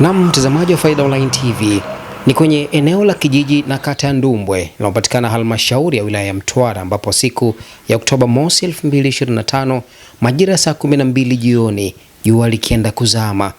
Naam, mtazamaji wa Faida Online TV ni kwenye eneo la kijiji na kata ya Ndumbwe linalopatikana halmashauri ya wilaya ya Mtwara ambapo siku ya Oktoba mosi 2025 majira ya saa 12 jioni, jua likienda kuzama,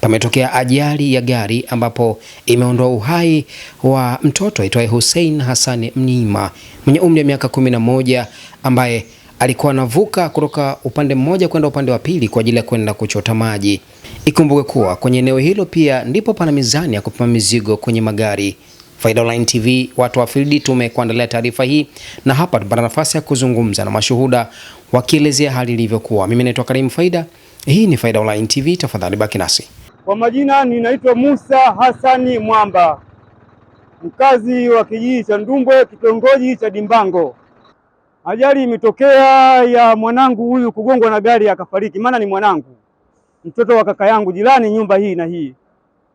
pametokea ajali ya gari ambapo imeondoa uhai wa mtoto aitwaye Hussein Hassan Mnyima mwenye umri wa miaka 11 ambaye alikuwa anavuka kutoka upande mmoja kwenda upande wa pili kwa ajili ya kwenda kuchota maji. Ikumbuke kuwa kwenye eneo hilo pia ndipo pana mizani ya kupima mizigo kwenye magari. Faida Online TV, watu wa fildi, tumekuandalia taarifa hii na hapa tupata nafasi ya kuzungumza na mashuhuda wakielezea hali ilivyokuwa. Mimi naitwa Karim Faida, hii ni Faida Online TV, tafadhali baki nasi. Kwa majina ninaitwa Musa Hasani Mwamba, mkazi wa kijiji cha Ndumbwe, kitongoji cha Dimbango. Ajali imetokea ya mwanangu huyu kugongwa na gari akafariki, maana ni mwanangu, mtoto wa kaka yangu, jirani, nyumba hii na hii.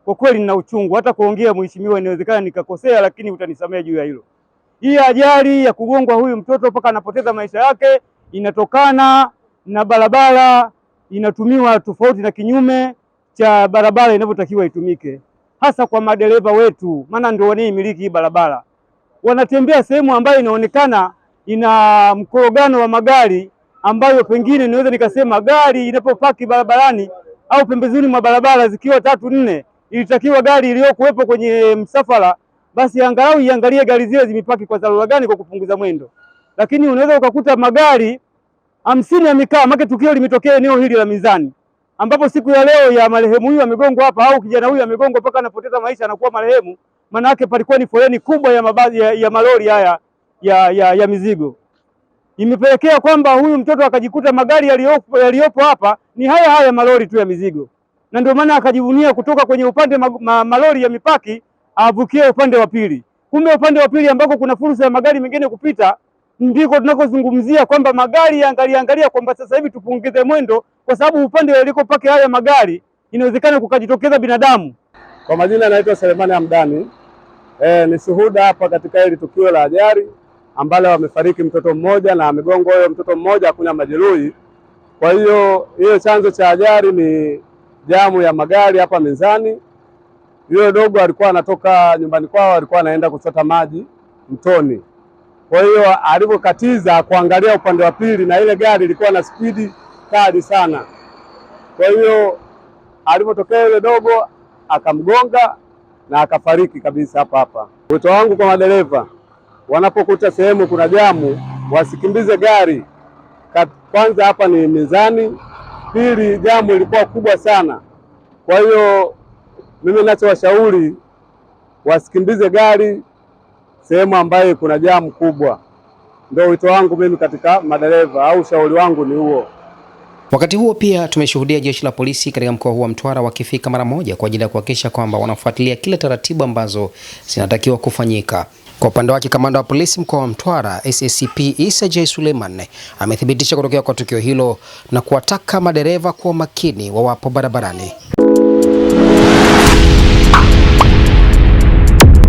Kwa kweli nina uchungu, hata kuongea mheshimiwa, inawezekana nikakosea, lakini utanisamehe juu ya hilo. Hii ajali ya kugongwa huyu mtoto mpaka anapoteza maisha yake inatokana na barabara inatumiwa tofauti na kinyume cha barabara inavyotakiwa itumike, hasa kwa madereva wetu, maana ndio wanaoimiliki hii barabara. Wanatembea sehemu ambayo inaonekana ina mkorogano wa magari ambayo pengine niweza nikasema gari inapopaki barabarani au pembezoni mwa barabara zikiwa tatu nne, ilitakiwa gari iliyokuwepo kwenye msafara basi angalau iangalie gari zile zimepaki kwa dharura gani, kwa kupunguza mwendo. Lakini unaweza ukakuta magari hamsini yamekaa, maana tukio limetokea eneo hili la Mizani, ambapo siku ya leo ya marehemu huyu amegongwa hapa au kijana huyu amegongwa mpaka anapoteza maisha, anakuwa marehemu. Maana yake palikuwa ni foleni kubwa ya mabazi, ya, ya malori haya ya, ya, ya mizigo imepelekea kwamba huyu mtoto akajikuta magari yaliyopo hapa ni haya haya malori tu ya mizigo, na ndio maana akajivunia kutoka kwenye upande ma, ma, malori ya mipaki avukie upande wa pili. Kumbe upande wa pili ambako kuna fursa ya magari mengine kupita ndiko tunakozungumzia kwamba magari angalia kwamba sasa hivi tupunguze mwendo, kwa sababu upande yalikopaki haya magari inawezekana kukajitokeza binadamu. Kwa majina anaitwa Selemani Hamdani. Eh, ni shuhuda hapa katika hili tukio la ajali ambalo wamefariki mtoto mmoja na amegongwa huyo mtoto mmoja, hakuna majeruhi. Kwa hiyo hiyo chanzo cha ajali ni jamu ya magari hapa mezani Yule dogo alikuwa anatoka nyumbani kwao, alikuwa anaenda kuchota maji mtoni. Kwa hiyo alipokatiza kuangalia upande wa pili, na ile gari ilikuwa na spidi kali sana. Kwa hiyo alipotokea yule dogo akamgonga na akafariki kabisa hapa hapa. Wito wangu kwa madereva wanapokuta sehemu kuna jamu wasikimbize gari. Kwanza hapa ni mizani, pili jamu ilikuwa kubwa sana. Kwa hiyo mimi nachowashauri wasikimbize gari sehemu ambayo kuna jamu kubwa. Ndio wito wangu mimi katika madereva au ushauri wangu ni huo. Wakati huo pia tumeshuhudia jeshi la polisi katika mkoa huu wa Mtwara wakifika mara moja kwa ajili ya kuhakikisha kwamba wanafuatilia kila taratibu ambazo zinatakiwa kufanyika. Kwa upande wake kamanda wa polisi mkoa wa Mtwara SACP Isa J Suleiman amethibitisha kutokea kwa tukio hilo na kuwataka madereva kuwa makini wawapo barabarani.